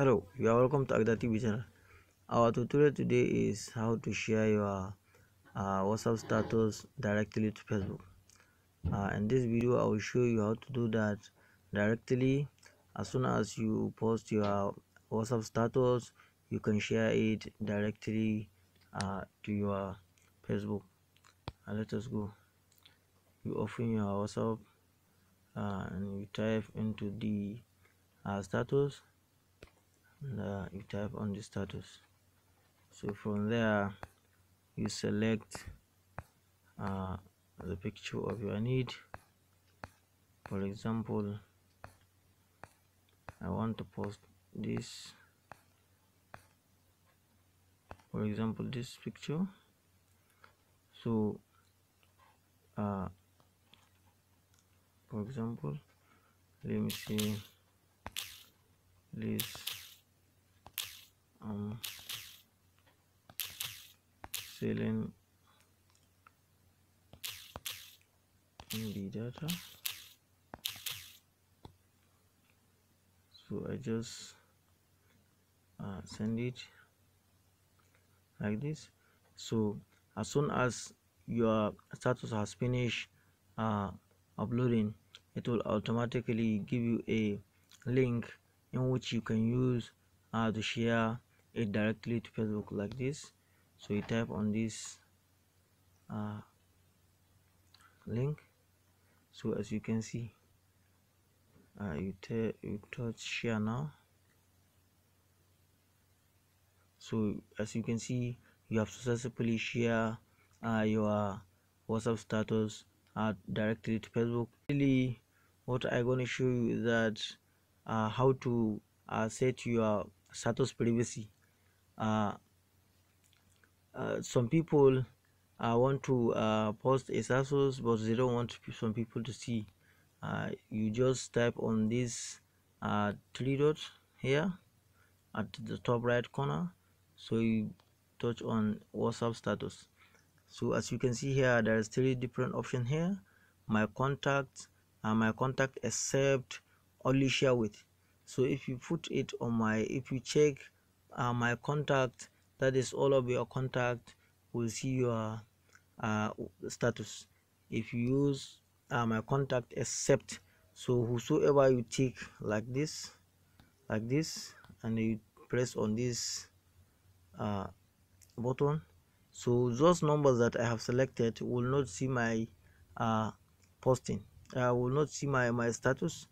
hello you are welcome to agda tv channel our tutorial today is how to share your uh, whatsapp status directly to facebook uh, in this video i will show you how to do that directly as soon as you post your whatsapp status you can share it directly uh, to your facebook uh, let us go you open your whatsapp uh, and you type into the uh, status uh, you type on the status so from there you select uh, the picture of your need for example I want to post this for example this picture so uh, for example let me see this um, selling the data so I just uh, send it like this so as soon as your status has finished uh, uploading it will automatically give you a link in which you can use uh, to share it directly to facebook like this so you tap on this uh, link so as you can see uh, you, you touch share now so as you can see you have successfully share uh, your whatsapp status uh, directly to facebook really what i'm going to show you is that uh, how to uh, set your status privacy uh, uh, some people uh, want to post a status, but they don't want some people to see you just type on this three dot here at the top right corner so you touch on whatsapp status so as you can see here there's three different options here my contact and my contact except only share with so if you put it on my if you check uh, my contact that is all of your contact will see your uh, status if you use uh, my contact except so whosoever you tick like this like this and you press on this uh, button so those numbers that I have selected will not see my uh, posting I will not see my my status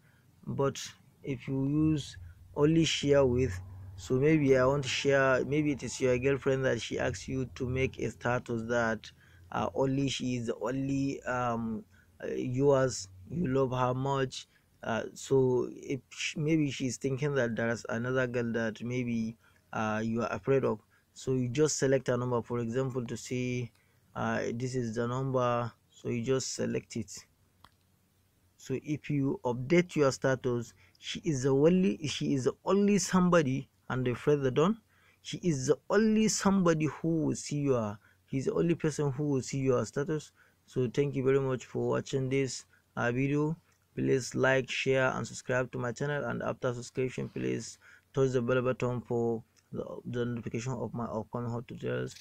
but if you use only share with so maybe i want to share maybe it is your girlfriend that she asks you to make a status that uh, only she is only um, uh, yours you love her much uh, so if she, maybe she's thinking that there's another girl that maybe uh, you are afraid of so you just select a number for example to see, uh, this is the number so you just select it so if you update your status she is the only she is the only somebody and the further don, he is the only somebody who will see your he's the only person who will see your status so thank you very much for watching this uh, video please like share and subscribe to my channel and after subscription please touch the bell button for the, the notification of my upcoming hot tutorials